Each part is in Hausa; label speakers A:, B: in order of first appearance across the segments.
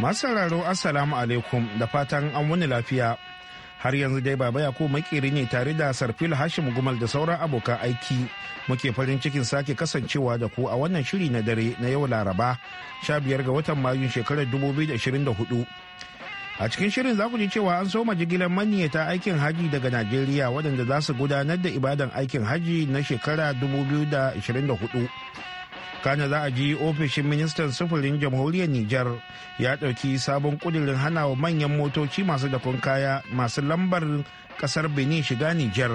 A: Masu sauraro Assalamu alaikum da fatan an wani lafiya. Har yanzu dai Baba Yakubu makeri ne tare da Sarfil Hashim Gumal da sauran abokan aiki. Muke farin cikin sake kasancewa da ku a wannan shiri na dare na yau Laraba, sha biyar ga watan Mayun shekarar 2024. A cikin shirin za ku ji cewa an soma jigilar maniyata aikin haji daga Najeriya waɗanda za su gudanar da ibadan aikin haji na shekara 2024. kana za a ji ofishin ministan sufurin jamhuriyar Nijar ya ɗauki sabon kudurin hana wa manyan motoci masu dakon kaya masu lambar ƙasar Benin shiga Nijar.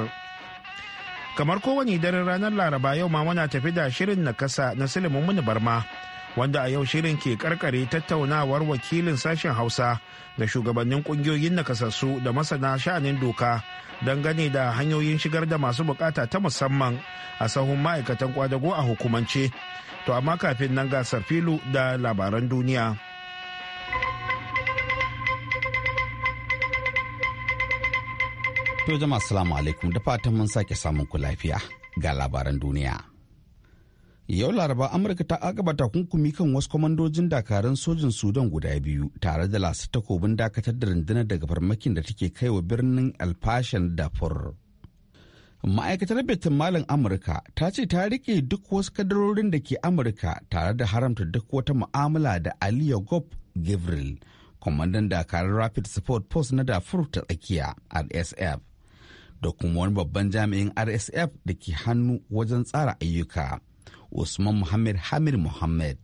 A: Kamar kowane daren ranar Laraba yau ma muna tafi da shirin na kasa na Suleiman Muni Barma. Wanda a yau shirin ke karkare tattaunawar wakilin sashen Hausa da shugabannin kungiyoyin nakasassu da masana sha'anin doka don gane da hanyoyin shigar da masu bukata ta musamman a sahun ma'aikatan kwadago a hukumance. To amma kafin nan gasar filu da labaran duniya.
B: To jama'a assalamu alaikum da fatan mun sake samun ku lafiya ga labaran duniya. Yau Laraba Amurka ta agaba takunkumi kan wasu kwamandojin dakarun sojin Sudan guda biyu tare da lasu takobin dakatar da rundunar daga farmakin da take kaiwa birnin alfashan dafur. ma'aikatar betin malin amurka ta ce ta rike duk wasu kadarorin da ke amurka tare da haramta duk wata mu'amala da aliyu gop gabriel kwamandan dakarun rapid support post na dafur ta tsakiya rsf da kuma wani babban jami'in rsf da ke hannu wajen tsara ayyuka usman muhammad hamir muhammad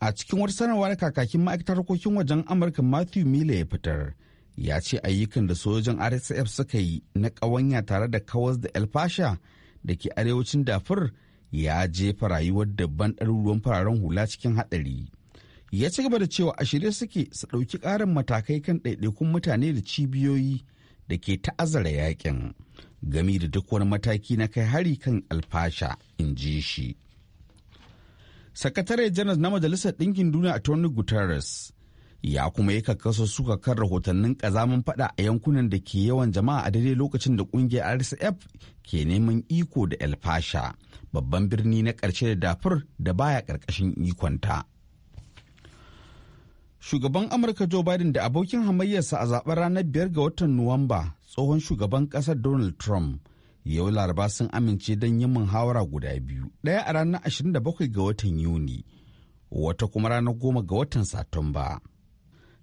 B: a cikin wata sanarwa da kakakin ma'aikatar harkokin wajen amurka matthew miller ya fitar ya ce ayyukan da sojojin rsf suka yi na ƙawanya tare da kawas da elfasha da ke arewacin dafur ya jefa rayuwar dabban ɗaruruwan fararen hula cikin haɗari ya ci gaba da cewa a shirye suke su ɗauki ƙarin matakai kan ɗaiɗaikun mutane da cibiyoyi da ke ta'azzara yakin gami da duk wani mataki na kai hari kan alfasha in ji shi sakatare janar na majalisar ɗinkin duniya a tony guterres ya kuma yi kakkaso suka kan rahotannin kazamin fada a yankunan da ke yawan jama'a a daidai lokacin da kungiyar rsf ke neman iko da el fasha babban birni na ƙarshe da dafur da baya ƙarƙashin ikonta shugaban amurka joe biden da abokin hamayyarsa a zaben ranar biyar ga watan nuwamba tsohon shugaban ƙasar donald trump yau laraba sun amince don yin muhawara guda biyu ɗaya a ranar 27 ga watan yuni wata kuma ranar goma ga watan satumba.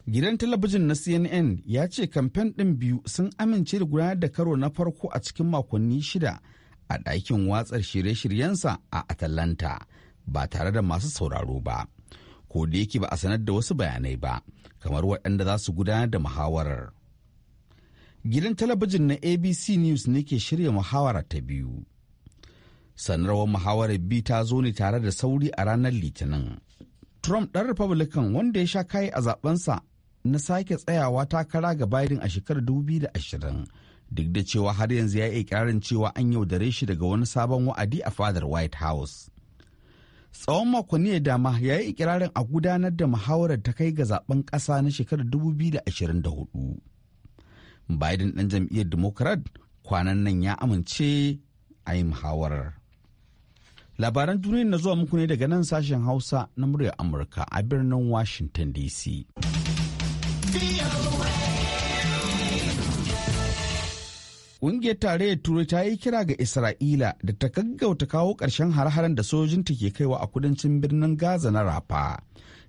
B: Gidan talabijin na CNN ya ce kamfen ɗin biyu sun amince da gudanar da karo na farko a cikin makonni shida a ɗakin watsar shirye-shiryensa a Atalanta ba tare da masu sauraro ba. Ko da yake ba a sanar da wasu bayanai ba, kamar waɗanda za su gudanar da muhawarar. Gidan talabijin na ABC News ne ke shirya muhawara ta biyu. sanarwar muhawarar bi ta zo ne tare da sauri a ranar litinin. Trump ɗan Republican wanda ya sha kayi a zaɓensa na sake tsayawa takara ga Biden a shekarar 2020 duk da cewa har yanzu ya yi ikirarin cewa an yaudare shi daga wani sabon wa'adi a fadar White House. Tsawon makonni ya dama ya yi ikirarin a gudanar da muhawarar ta kai ga zaben ƙasa na shekarar 2024. Biden ɗan jam'iyyar Democrat kwanan nan ya amince a yi muhawarar. Labaran duniya na zuwa muku ne daga nan sashen Hausa na muryar Amurka a birnin Washington DC. Ƙungiyar tarayyar Turai ta yi kira ga Isra'ila da ta gaggauta kawo ƙarshen har-haren da sojojinta ke kaiwa a kudancin birnin Gaza na Rafa,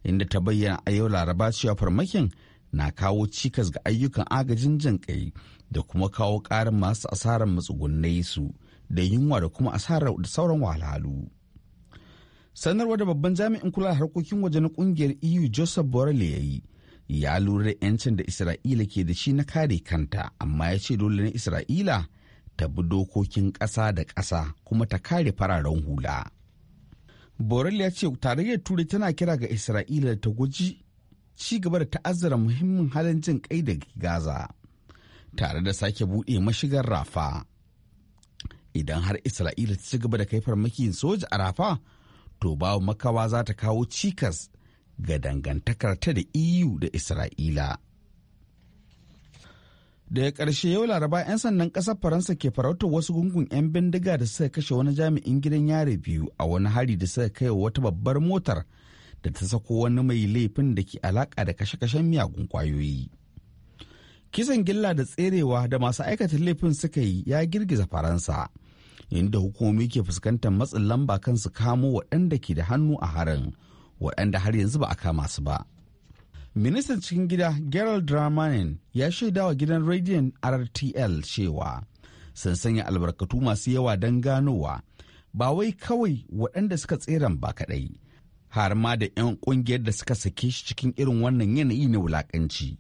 B: inda ta bayyana a yau Laraba cewa farmakin na kawo cikas ga ayyukan agajin jin kai da kuma kawo ƙarin masu asarar matsugunnai su da yunwa da kuma asarar da sauran wahalhalu. sanarwa da babban jami'in kula da harkokin waje na ƙungiyar eu joseph borrell ya yi ya lura da 'yancin da isra'ila ke da shi na kare kanta amma ya ce dole ne isra'ila ta bi dokokin ƙasa da ƙasa kuma ta kare fararen hula borel ya ce tarayyar turai tana kira ga isra'ila da ta guji ci gaba da ta'azzara muhimmin halin jin kai da gaza tare da sake buɗe mashigar rafa idan har isra'ila ta ci gaba da kai farmakin soja a rafa to babu makawa za ta kawo cikas ga dangantakar ta da EU da Isra'ila. Daga ƙarshe yau laraba 'yan sandan ƙasar Faransa ke farautar wasu gungun 'yan bindiga da suka kashe wani jami'in gidan yare biyu a wani hari da suka kai wata babbar motar da ta sako wani mai laifin da ke alaƙa da kashe-kashen miyagun kwayoyi. Kisan gilla da tserewa da masu aikata laifin suka yi ya girgiza Faransa. inda hukumomi ke fuskantar matsin lamba kan su kamo waɗanda ke da hannu a harin waɗanda har yanzu ba a kama su ba. Ministan cikin gida Gerald Dramanin ya shaida wa gidan rediyon RTL cewa sun sanya albarkatu masu yawa don ganowa ba wai kawai waɗanda suka tseren ba kaɗai har ma da 'yan ƙungiyar da suka sake shi cikin irin wannan yanayi na wulaƙanci.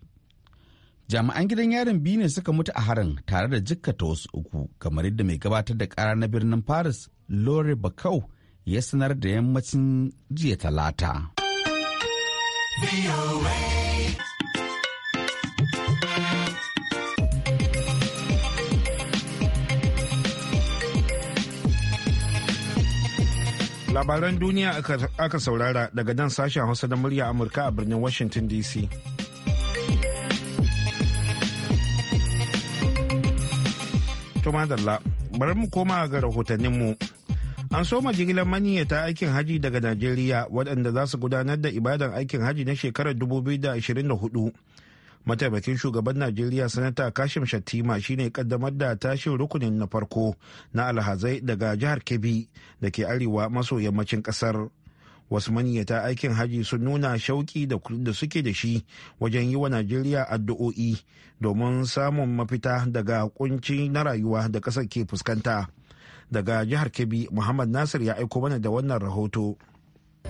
B: jami'an gidan yarin biyu ne suka mutu a harin tare da jikkata wasu uku kamar yadda mai gabatar da kara na birnin paris lore bakau ya sanar da yammacin jiya talata.
A: Labaran duniya aka saurara daga nan sashen Hausa da murya Amurka a birnin Washington DC. Tumadalla, bari mu koma ga rahotanninmu. An soma jigilar maniyyata aikin haji daga Najeriya waɗanda za su gudanar da ibadan aikin haji na shekarar 2024. Mataimakin shugaban Najeriya Sanata Kashim Shattima shine kaddamar da tashin rukunin na farko na alhazai daga jihar Kebbi da ke arewa maso yammacin ƙasar. Wasu maniyyata aikin haji sun nuna shauƙi da suke da shi wajen yi wa Najeriya addu'o'i domin samun mafita daga kunci na rayuwa da ƙasar ke fuskanta. daga jihar kebbi muhammad nasir ya aiko mana da wannan rahoto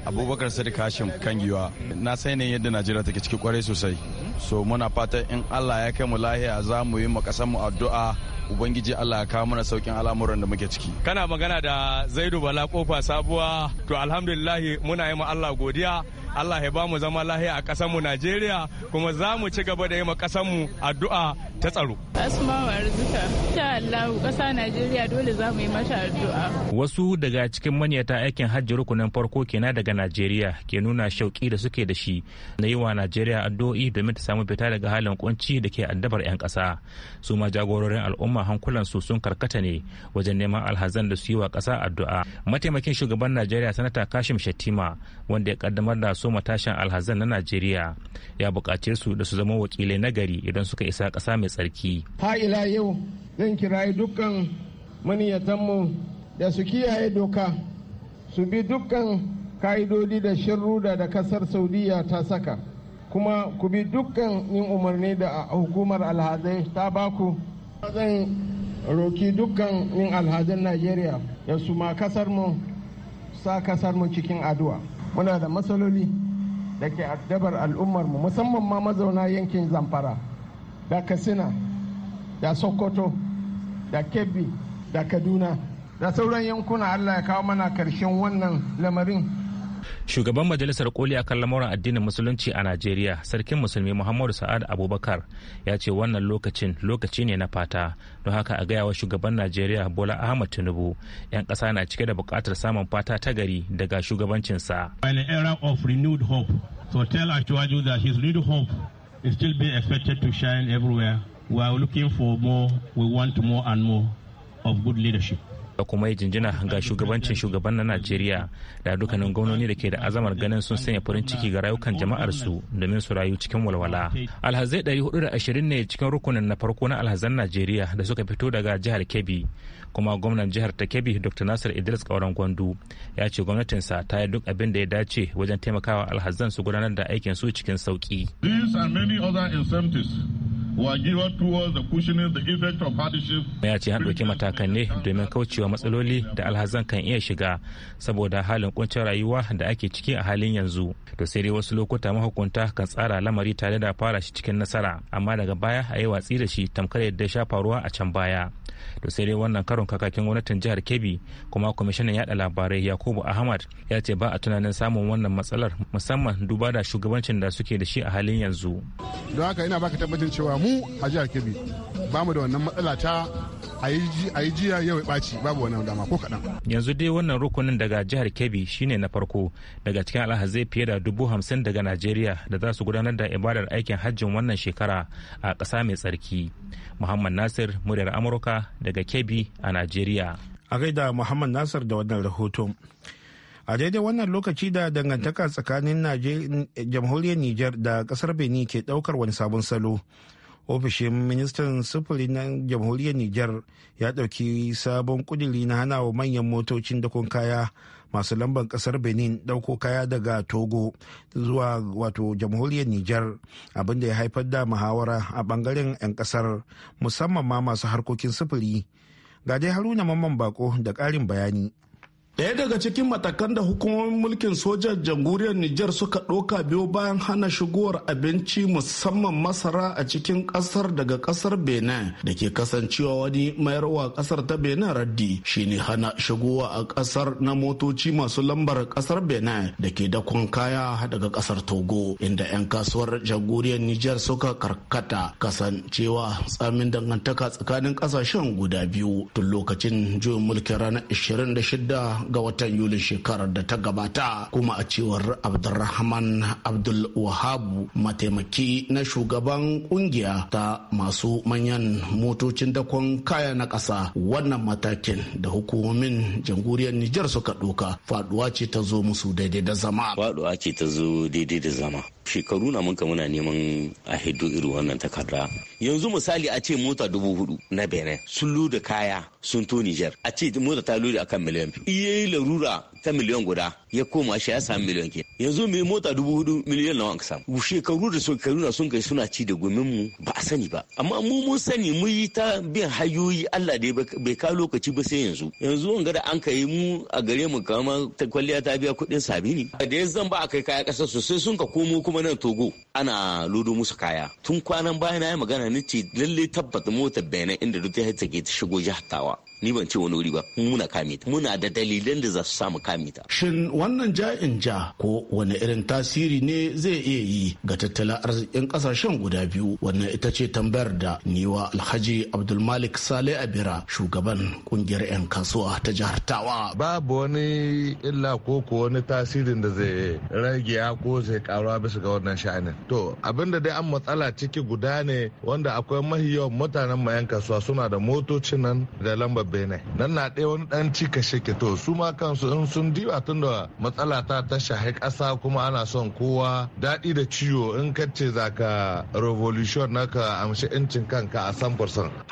C: abubakar sadiq hashim kan giwa
A: na sai
B: ne yadda najeriya take ciki kwarai sosai so muna fatan in allah ya kai mu lahiya za mu yi makasan mu addu'a ubangiji allah ya kawo mana saukin al'amuran da muke ciki
D: kana magana da zaidu bala kofa sabuwa to alhamdulillahi muna yi ma allah godiya Allah ya ba mu zama lahiya a ƙasar mu Najeriya kuma za mu ci gaba da yi ma ƙasar mu addu'a ta tsaro.
E: Asma'u Arzika, ta Allahu ƙasa Najeriya dole za mu yi mata addu'a.
F: Wasu daga cikin manyata aikin hajji rukunin farko kenan daga Najeriya ke nuna shauƙi da suke da shi na yi wa Najeriya addu'o'i domin ta samu fita daga halin kunci da ke addabar 'yan ƙasa. Su ma jagororin al'umma hankulan su sun karkata ne wajen neman alhazan da su yi wa ƙasa addu'a. Mataimakin shugaban Najeriya Sanata Kashim Shettima wanda ya kaddamar da su matashin alhazan na Najeriya ya buƙace su da su zama wakilai na gari idan suka isa ƙasa mai mai tsarki.
D: Ha'ila yau zan kirayi dukkan maniyatanmu da su kiyaye doka su bi dukkan ka'idodi da shirruda da kasar saudiya ta saka kuma ku bi dukkan yin umarni da hukumar alhazai ta baku zan roki dukkan yin alhazan najeriya da su ma kasar mu sa kasar mu cikin addu'a muna da matsaloli da ke addabar al'ummar mu musamman ma mazauna yankin zamfara da katsina da sokoto da kebbi da kaduna da sauran yankuna allah ya kawo
E: mana karshen wannan lamarin
F: shugaban majalisar koli a kan lamuran addinin musulunci a najeriya sarkin musulmi muhammadu sa'ad abubakar ya ce wannan lokacin lokaci ne na fata don haka a gayawa shugaban najeriya bola ahmad tinubu 'yan kasa na cike da bukatar samun fata ta gari daga shugabancinsa
D: an era of renewed hope so tell that his renewed hope still being expected to shine everywhere. We are looking for more. We want more and more of good leadership.
F: da kuma yi jinjina ga shugabancin shugaban na najeriya da dukkanin gwamnoni da ke da azamar ganin sun sanya farin ciki ga rayukan jama'arsu domin su rayu cikin walwala alhazai 420 ne cikin rukunin na farko na alhazan najeriya da suka fito daga jihar kebbi kuma gwamnan jihar ta kebbi dr nasir idris kauran gwandu ya ce gwamnatinsa ta yi duk abin da ya dace wajen taimakawa alhazan su gudanar da aikin su cikin sauki ya ce an ɗauki matakan ne domin kaucewa matsaloli da alhazan kan iya shiga saboda halin kuncin rayuwa da ake ciki a halin yanzu to sai dai wasu lokuta mahukunta kan tsara lamari tare da fara shi cikin nasara amma daga baya a yi watsi da shi tamkar yadda ya sha faruwa a can baya to sai dai wannan karon kakakin gwamnatin jihar kebbi kuma kwamishinan yada labarai yakubu ahmad ya ce ba a tunanin samun wannan matsalar musamman duba da shugabancin da suke da shi a halin yanzu
D: don haka ina baka tabbacin cewa mu a jihar kebbi ba mu da wannan matsala ta a yi jiya yau ɓaci babu wannan dama ko kaɗan
F: yanzu dai wannan rukunin daga jihar kebbi shine na farko daga cikin alhazai fiye da dubu hamsin daga najeriya da za su gudanar da ibadar aikin hajjin wannan shekara a ƙasa mai tsarki muhammad nasir muryar amurka daga Kebbi a Najeriya.
A: A gaida Muhammad Nasir da wannan rahoto. A daidai wannan lokaci da dangantaka tsakanin jamhuriyar Nijar da kasar Benin ke daukar wani sabon salo. Ofishin ministan sufuri na jamhuriyar Nijar ya dauki sabon kuduri na hana wa manyan motocin dakon kaya masu lamban kasar benin dauko kaya daga togo zuwa wato jamhuriyar niger abinda ya haifar da muhawara a bangaren 'yan kasar musamman ma masu harkokin sufuri ga dai haruna mamman bako da karin bayani
D: Daya daga cikin matakan da hukumomin mulkin sojan jamhuriyar Nijar suka ɗoka biyo bayan hana shigowar abinci musamman masara a cikin ƙasar daga ƙasar Benin da ke kasancewa wani mayarwa ƙasar ta Benin raddi shine hana shigowa a ƙasar na motoci masu lambar ƙasar Benin da ke dakon kaya daga ƙasar Togo inda 'yan kasuwar jamhuriyar Nijar suka karkata kasancewa tsamin dangantaka tsakanin ƙasashen guda biyu tun lokacin juyin mulkin ranar 26 ga watan Yulin shekarar da ta gabata kuma a cewar Abdulrahman Abdul Wahabu mataimaki na shugaban kungiya ta masu manyan motocin dakon kaya na ƙasa wannan matakin da hukumomin jamhuriyar Nijar suka ɗoka faduwa ce ta zo musu daidai da zama. Faduwa ce ta zo daidai da zama shekaru na muka muna neman a hiddo irin wannan takarda yanzu misali a ce mota dubu hudu na benin sun loda kaya sun to niger a ce mota ta lura akan miliyan biyu. iya larura ta miliyan guda ya koma shi ya samu miliyan ke yanzu mai mota dubu hudu miliyan nawa ka samu shekaru da shekaru na sun kai suna ci da gumin mu ba a sani ba amma mu mun sani mu yi ta bin hanyoyi Allah da bai ka lokaci ba sai yanzu yanzu wanga da an kai mu a gare mu kama kwalliya ta biya kuɗin sabini da ya zan ba a kai kaya kasa sosai sun ka komo kuma kuma nan togo ana lodo musu kaya tun kwanan baya na yi magana ni ce lalle tabbata motar benin inda duk ta take ta shigo jihar tawa ni ban ce wani wuri ba muna kame ta muna da dalilan da za su samu kame ta shin wannan ja'in ja ko wani irin tasiri ne zai iya yi ga tattalin arzikin kasashen guda biyu wannan ita ce tambayar da niwa alhaji abdulmalik sale abira shugaban kungiyar 'yan kasuwa ta jihar
E: tawa babu wani illa ko ko wani tasirin da zai rage ya ko zai karuwa bisa ga wannan sha'anin to abin da dai an matsala ciki guda ne wanda akwai mahi mutanen mayan kasuwa suna da motocin nan da lamba benin nan na ɗaya wani ɗan cika shake to su ma kansu in sun diba tun da matsala ta ta shahi ƙasa kuma ana son kowa daɗi da ciwo in ka ce za ka revolution na ka amshi incin kanka a san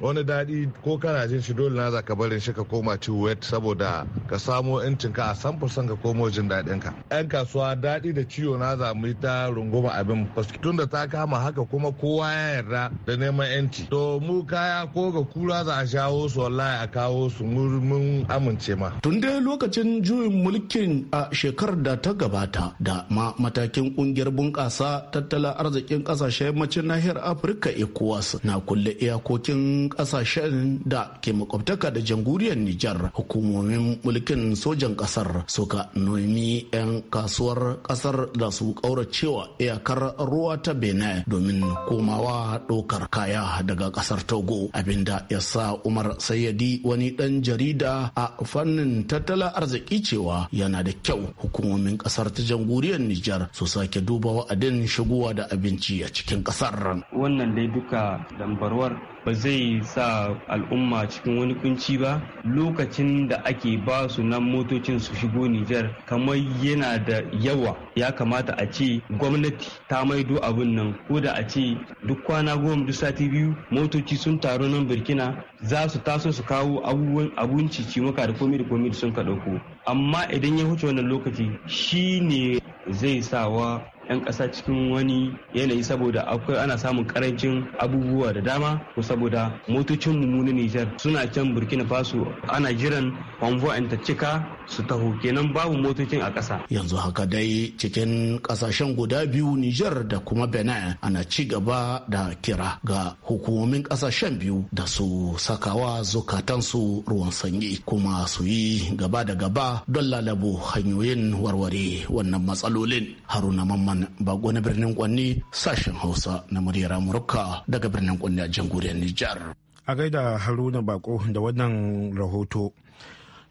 E: wani daɗi ko kana jin shi dole na za ka barin shi ka koma ciwo saboda ka samo incin ka a san ka komo jin daɗin ka yan kasuwa daɗi da ciwo na za mu ta runguma abin tun da ta kama haka kuma kowa ya yarda da neman yanci to mu kaya ko ga kura za a shawo su wallahi a kawo su mun amince ma.
D: Tun dai lokacin juyin mulkin a shekarar da ta gabata da ma matakin kungiyar bunƙasa tattalin arzikin ƙasashen yammacin nahiyar Afirka ECOWAS na kulle iyakokin ƙasashen da ke makwabtaka da jamhuriyar Nijar hukumomin mulkin sojan ƙasar suka nomi 'yan kasuwar ƙasar da su ƙauracewa iyakar ruwa ta Benin domin komawa ɗaukar kaya daga ƙasar Togo abinda ya sa Umar Sayyadi wani ɗan jarida a fannin tattalin arziki cewa yana da kyau hukumomin ƙasar ta jamhuriyar Nijar su sake duba wa'adin shigowa da abinci a cikin kasar.
C: Wannan dai duka dambarwar ba zai sa al'umma cikin wani kunci ba lokacin da ake ba su nan motocin su shigo Nijar kamar yana da yawa ya kamata a ce gwamnati ta maido abin nan ko da a ce duk kwana goma duk sati biyu motoci sun taru nan Burkina za su taso su kawo abubuwan abun ciki maka da komai da komai da sun ka ɗauko amma idan ya huce wannan lokaci shi ne zai sawa 'yan ƙasa cikin wani yanayi saboda akwai ana samun karancin abubuwa da dama ko saboda motocin mu na Nijar suna can Burkina Faso ana jiran Honvo ta cika su taho kenan babu motocin a ƙasa.
D: Yanzu haka dai cikin ƙasashen guda biyu Nijar da kuma Benin ana ci gaba da kira ga hukumomin ƙasashen biyu da su sakawa zukatansu ruwan sanyi kuma su yi gaba da gaba don lalabo hanyoyin warware wannan matsalolin. Haruna Mamman Suleiman Bago na birnin Kwanni sashen Hausa na muryar Amurka daga birnin Kwanni a jamhuriyar Nijar. A
A: gaida Haruna Bako da wannan rahoto.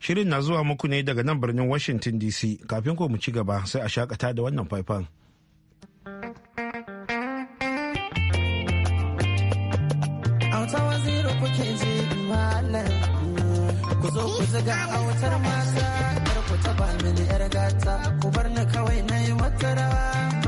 A: Shirin na zuwa muku ne daga nan birnin Washington DC kafin ko mu ci gaba sai a shakata da wannan faifan.
G: Auta waziri kuke je ku zo ku a wutar mata kar ku taba mini yar gata ku bar ni kawai na yi wata rawa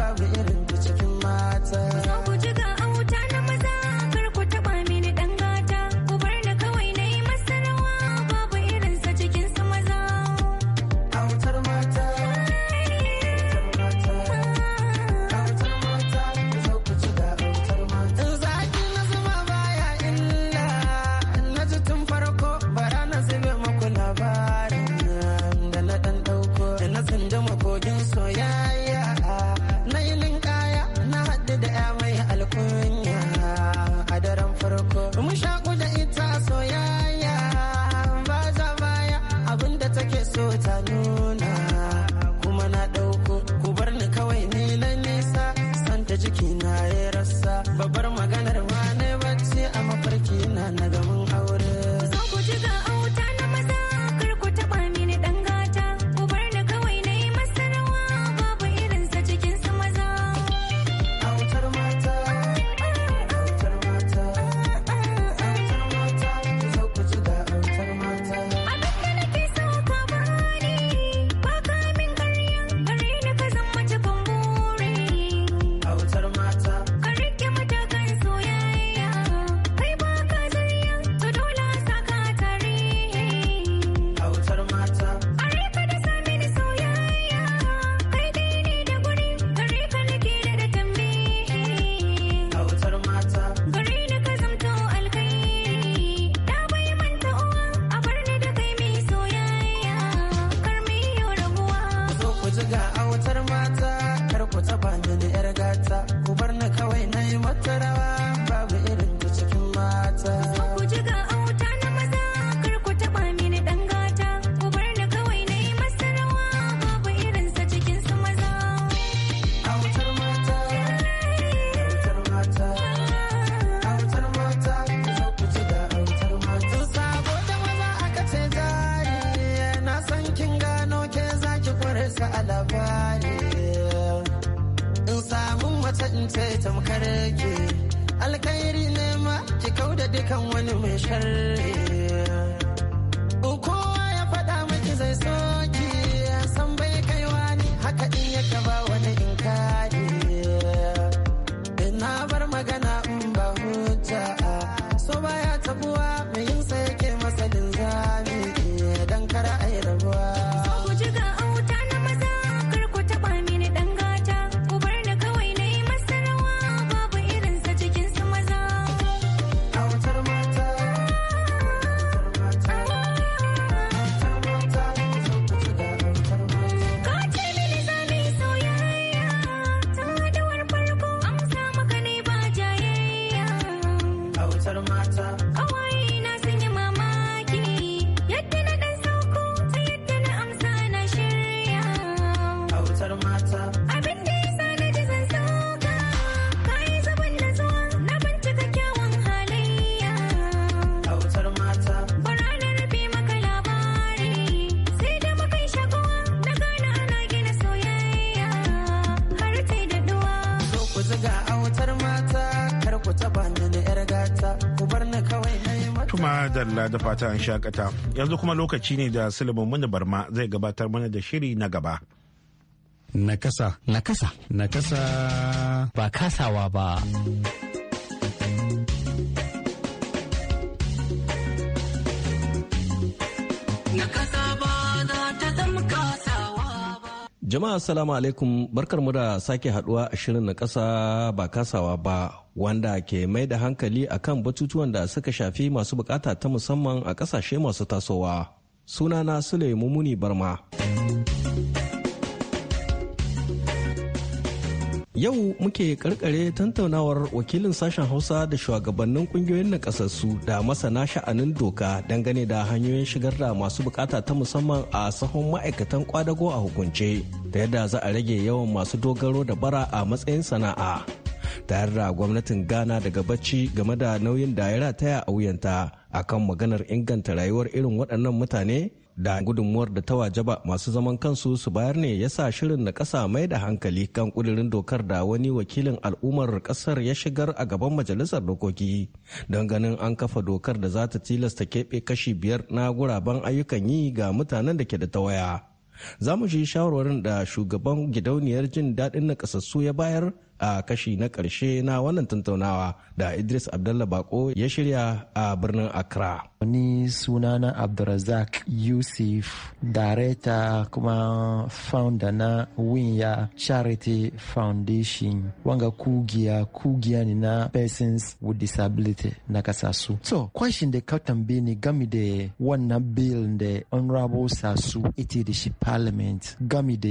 G: kan wani mai sharri kowa ya faɗa miki zai so
A: madalla da fata an shakata yanzu kuma lokaci ne da silibin wani barma zai gabatar mana da shiri na gaba
B: nakasa nakasa nakasa ba
H: kasawa ba nakasa
C: Jama'a salamu alaikum barkar mu da sake haduwa a shirin na kasa ba kasawa ba wanda ke mai da hankali a kan batutuwan da suka shafi masu bukata ta musamman a kasashe masu tasowa. Sunana suleimu muni Barma. Yau muke karkare tantaunawar wakilin sashen Hausa da shugabannin kungiyoyin nakasassu da masana sha'anin doka dangane da hanyoyin shigar da masu bukata ta musamman a sahun ma'aikatan kwadago a hukunce da yadda za a rage yawan masu dogaro da bara a matsayin sana'a. Tare da gwamnatin Ghana daga bacci game da nauyin da ya rataya a wuyanta akan maganar inganta rayuwar irin waɗannan mutane da gudunmuwar da ta wajaba masu zaman kansu su bayar ne ya sa shirin na ƙasa mai da hankali kan ƙudurin dokar da wani wakilin al'ummar ƙasar ya shigar a gaban majalisar dokoki don ganin an kafa dokar da za ta tilasta keɓe kashi biyar na guraben ayyukan yi ga mutanen da ke da tawaya. Za mu shi shawarwarin da shugaban gidauniyar jin daɗin na ya bayar a kashi na ƙarshe na wannan tattaunawa da Idris Abdallah Bako ya shirya a birnin
I: Accra. ni sunana Abdulrazak Yusuf, dareta kuma founder na Winya Charity Foundation. Wanga kugiya kugiya ne na persons with disability na kasasu. So, question da ka tambaye ni gami da wannan bill da Honorable Sasu ita da shi parliament gami da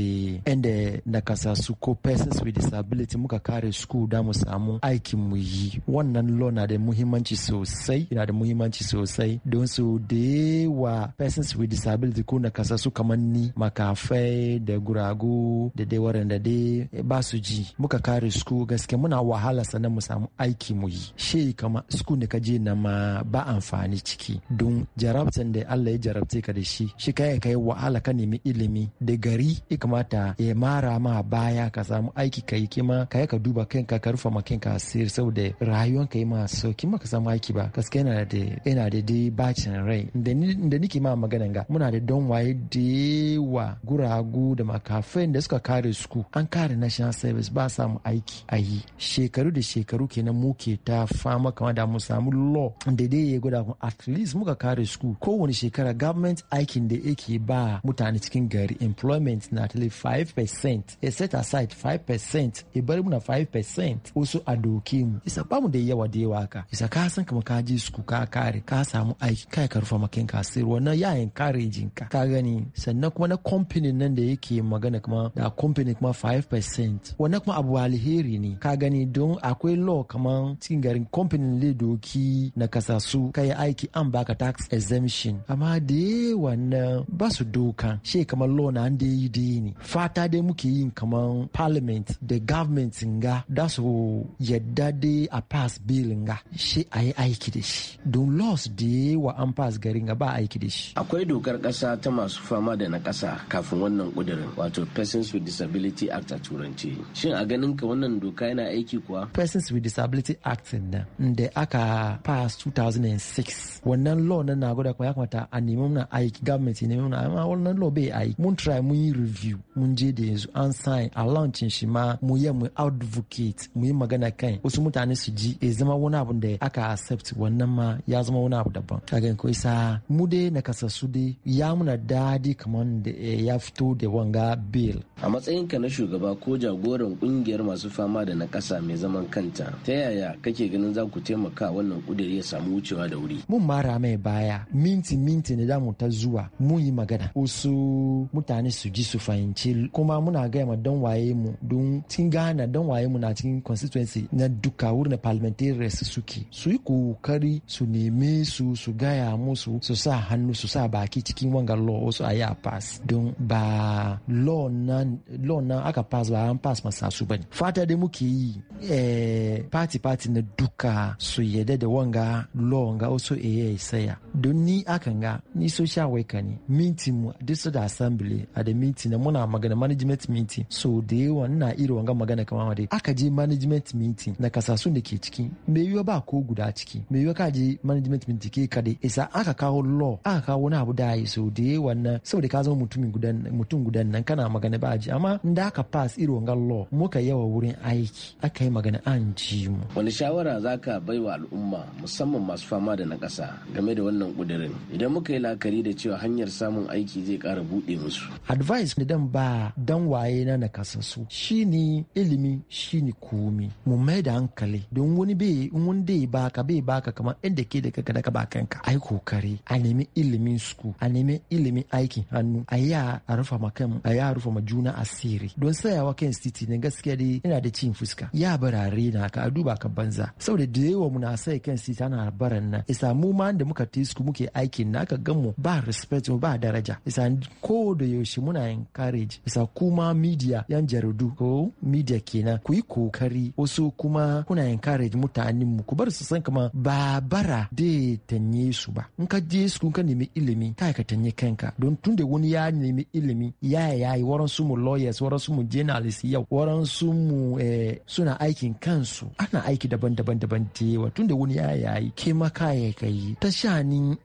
I: inda na kasasu ko persons with disability muka kare school da mu samu aikin mu yi. Wannan law na da muhimmanci sosai, na da muhimmanci sosai don su da yawa persons with disability ko na kasa su kamar ni makafai da guragu da dai waɗanda dai ba su ji muka kare su gaske muna wahala sannan mu samu aiki mu yi she kama su ne ka je na ma ba amfani ciki don jarabtan da Allah ya jarabce ka da shi shi kai kai wahala ka nemi ilimi da gari ya kamata ya mara ma baya ka samu aiki ka yi kima ka ka duba kanka ka rufa ma kanka asiri saboda rayuwanka yi ma sauki ma ka samu aiki ba gaske yana da yana da dai bacin rai da nike ma maganan ga muna da don waye da yawa guragu da makafin da suka kare su an kare national service ba samu aiki a yi shekaru da shekaru kenan muke ta fama kama da mu samu law da dai ya gwada at least muka kare su kowane shekara government aikin da yake ba mutane cikin gari employment na tali 5% a set aside 5% a e bari muna 5% wasu a doke mu isa ba mu da yawa da yawa ka isa ka san kama ka ji su ka kare ka samu aiki kai ka rufa makin ka sir wannan ya encouraging ka ka gani sannan kuma na company nan da yake magana kuma da company kuma 5% wannan kuma abu alheri ne ka gani don akwai law kaman cikin garin company ne doki na kasa su kai aiki an baka tax exemption amma da wannan ba su doka she kamar law na an dai yi dai ne fata dai muke yin kaman parliament da government nga da su yadda dai a pass bill nga she ayi aiki da shi don laws da yi wa amfas garin ga ba aiki da shi
D: akwai dokar kasa ta masu fama da na kasa kafin wannan kudirin wato persons with disability act a turanci shin a ganin ka wannan doka yana aiki
I: kuwa persons with disability act na da aka pass 2006 wannan law na na gwada ya kamata a nemi muna aiki government ne muna amma wannan law bai aiki mun try mun yi review mun je da yanzu an sign a launching shi ma mu yi mu advocate mu yi magana kai wasu mutane su ji ya zama wani abu da aka accept wannan ma ya zama wani abu daban daban kaga ko isa mu dai na su dai ya muna dadi kamar da eh, ya fito da wanga bill
D: a matsayin ka na shugaba ko jagoran kungiyar masu fama da na kasa mai zaman kanta ta yaya kake ganin za ku taimaka wannan kudiri ya samu wucewa da wuri
I: mun mara mai baya minti minti ne mu ta zuwa mun yi magana wasu mutane su ji su fahimci kuma muna gaya ma don waye mu don tin gana don waye mu na cikin constituency na duka wurin parliamentarians suke su yi kokari su neme su su gaya musu su sa hannu su sa baki cikin wangan law wasu a yi a pass don ba law nan aka pass ba an pass masa su bane fata da muke yi eh, party party na duka su yadda da wanga law ga wasu yi saya don ni akan ga ni social worker ne minti mu duk da assembly a da minti na muna magana management meeting so da yawa na iri wanga magana kamar dai aka je management meeting na kasasun da ke ciki me yiwa ba ko guda ciki me yiwa ka je management meeting ke kadai isa aka kawo law aka kawo wani abu da yi so da yawa sabu saboda ka zama mutumin gudan mutum gudan nan kana magana ba ji amma in da aka pass irin wangan law muka yawa wurin aiki aka yi magana an ji mu
D: wani shawara zaka wa al'umma musamman masu fama da na ƙasa game da wannan kudirin idan muka yi la'akari da cewa hanyar samun aiki zai ƙara buɗe musu
I: advice da dan ba dan waye na nakasassu shine ilimi shine komi mu mai da hankali don wani bai in wani dai baka bai baka kamar inda ke da kaka da ka baka kanka ai kokari a nemi ilimin su a nemi ilimin aikin hannu a ya a rufa ma kan a a rufa ma juna asiri don sayawa kan titi ne gaskiya dai yana da cin fuska ya barare na ka a duba ka banza saboda da yawa muna sai kan titi ana baran nan isa mu ma da muka tisku muke aikin na ka gan mu ba respect ba daraja isa ko da yaushe muna encourage isa kuma media yan jaridu ko media kenan ku yi kokari wasu kuma kuna encourage mutanen mu ku bar su san kama ba bara dai tanye su ba in ka je su ka nemi ilimi kai ka tanye kanka don tun da wani ya nemi ilimi ya ya yi waran su mu lawyers waran su mu journalists yau waran su mu eh, suna aikin kansu ana aiki daban-daban daban da wa tun da wani ya ya yi ke ma ka ya ka yi ta shanin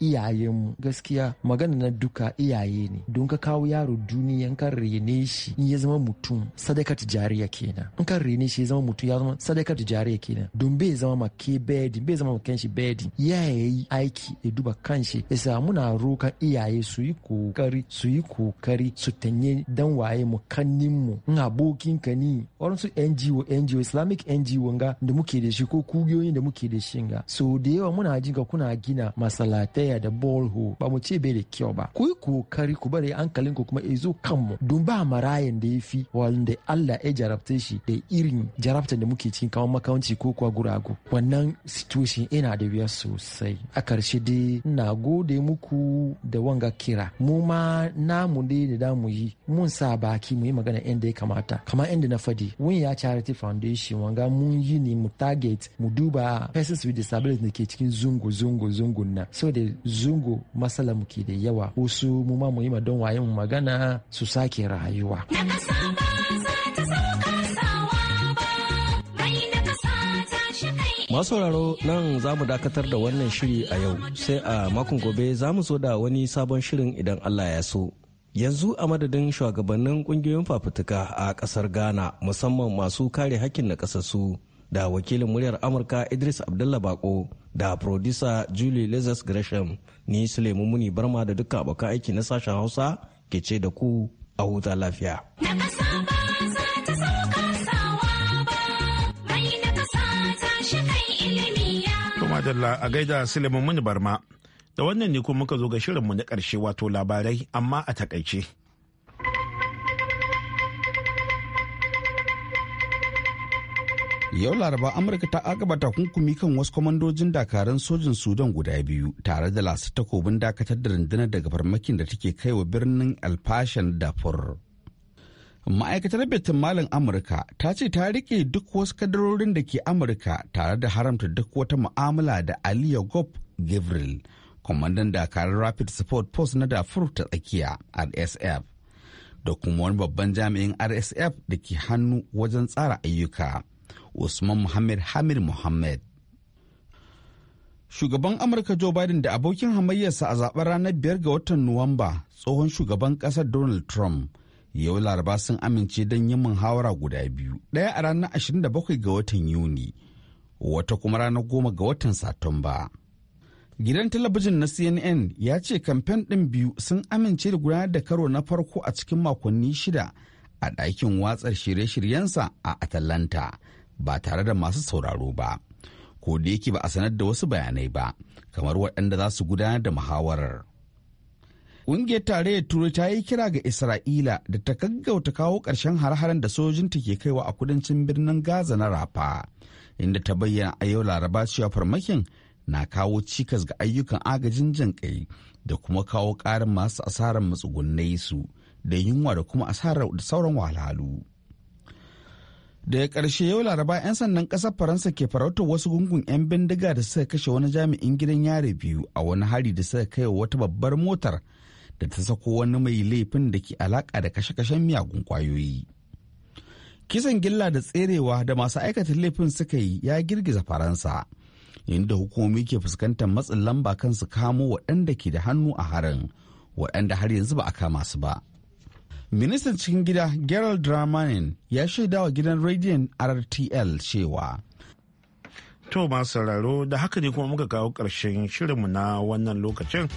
I: mu gaskiya magana na duka iyaye ne don ka kawo yaro duniya ka rene shi in ya zama mutum sadaka tijariya kenan in ka rene shi ya zama mutum ya zama sadaka tijariya kenan don bai zama ma ke bedin bai zama ma kanshi bedin ya yayi aiki ya duba kanshi isa muna rokan iyaye su yi kokari su yi kokari su tanye dan waye mu kannin mu in abokin ka ni waɗansu NGO NGO Islamic NGO nga da muke da shi ko kugiyoyin da muke da shi nga so da yawa muna jin ka kuna gina masalataya da borehole ba mu ce bai da kyau ba ku yi kokari ku bari hankalin ku kuma izo kanmu don ba marayan da ya fi wanda Allah ya jarabta shi da irin jarabta da muke cikin kawo makawanci ko kuwa guragu wannan situation yana da wuya sosai aka karshe dai na gode muku da wanga kira mu ma namu ne da damu yi mun sa baki mu yi magana inda ya kamata kamar inda na fadi ya charity foundation wanga mun yi ne mu target mu duba persons with disabilities da ke cikin zungu zungu zungu na so da zungu masala mu ke da yawa wasu mu ma mu yi ma don waye mu magana su sake rayuwa
C: Masu sauraro nan za mu dakatar da wannan shiri a yau sai a makon gobe za mu zo da wani sabon shirin idan Allah ya so. Yanzu a madadin shugabannin kungiyoyin fafutuka a kasar Ghana musamman masu kare hakkin na kasassu da wakilin muryar Amurka Idris Abdullah Bako da producer Julie Lazarus Gresham ni Suleiman Muni Barma da duka abokan aiki na sashen Hausa ke ce da ku a huta lafiya.
A: Madalla a gaida Suleiman Muni Barma. Da wannan ne kuma muka zo ga shirinmu na ƙarshe wato labarai amma a takaice. Yau
B: Laraba Amurka ta agaba takunkumi kan wasu kwamandojin dakarun sojin Sudan guda biyu tare da lasu takobin dakatar da rundunar daga farmakin da take kaiwa birnin alfashan dafur. ma'aikatar betin malin amurka ta ce ta rike duk wasu kadarorin da ke amurka tare da haramta duk wata mu'amala da aliyu gop gabriel kwamandan dakarar rapid support post na dafur ta tsakiya rsf da kuma wani babban jami'in rsf da ke hannu wajen tsara ayyuka usman muhammad hamil muhammad shugaban amurka joe biden da abokin hamayyarsa a zaben ranar 5 ga watan nuwamba tsohon shugaban kasar donald trump yau laraba sun amince don yin muhawara guda biyu ɗaya a ranar 27 ga watan yuni wata kuma ranar goma ga watan satumba gidan talabijin na cnn ya ce kamfen ɗin biyu sun amince da gudanar da karo na farko a cikin makonni shida a ɗakin watsar shirye-shiryensa a atalanta ba tare da masu sauraro ba ko da yake ba a sanar da wasu bayanai ba kamar waɗanda za su gudanar da muhawarar Ƙungiyar tarayyar Turai ta yi kira ga Isra'ila da ta gaggauta kawo ƙarshen har-haren da sojinta ke kaiwa a kudancin birnin Gaza na Rafa, inda ta bayyana a yau Laraba cewa farmakin na kawo cikas ga ayyukan agajin jin kai da kuma kawo ƙarin masu asarar matsugunai su da yunwa da kuma asarar da sauran wahalhalu. Daga ƙarshe yau laraba 'yan sandan ƙasar Faransa ke farautar wasu gungun 'yan bindiga da suka kashe wani jami'in gidan yare biyu a wani hari da suka kai wata babbar motar da ta sako wani mai laifin da ke alaƙa da kashe-kashen miyagun kwayoyi. Kisan gilla da tserewa da masu aikata laifin suka yi ya girgiza Faransa, inda hukumomi ke fuskantar matsin lamba kan su kamo waɗanda ke da hannu a harin, waɗanda har yanzu ba a kama su ba. Ministan
A: cikin gida Gerald Dramanin ya shaida wa gidan rediyon RTL cewa To masu sauraro da haka ne kuma muka kawo ƙarshen shirinmu na wannan lokacin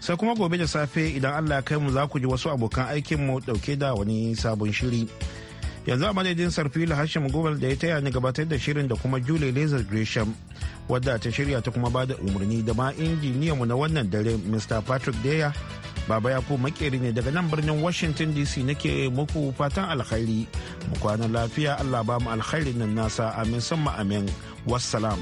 A: sai kuma gobe da safe idan allah kai mu za ku ji wasu abokan aikin mu dauke da wani sabon shiri yanzu a madadin sarfila hashim gobel da ya taya ni gabatar da shirin da kuma julie laser gresham wadda ta shirya ta kuma bada umarni da ma injiniya mu na wannan dare mr patrick deya baba ya makeri ne daga nan birnin washington dc nake muku fatan alkhairi mu kwana lafiya allah ba mu alkhairin nan nasa amin sama amin wassalam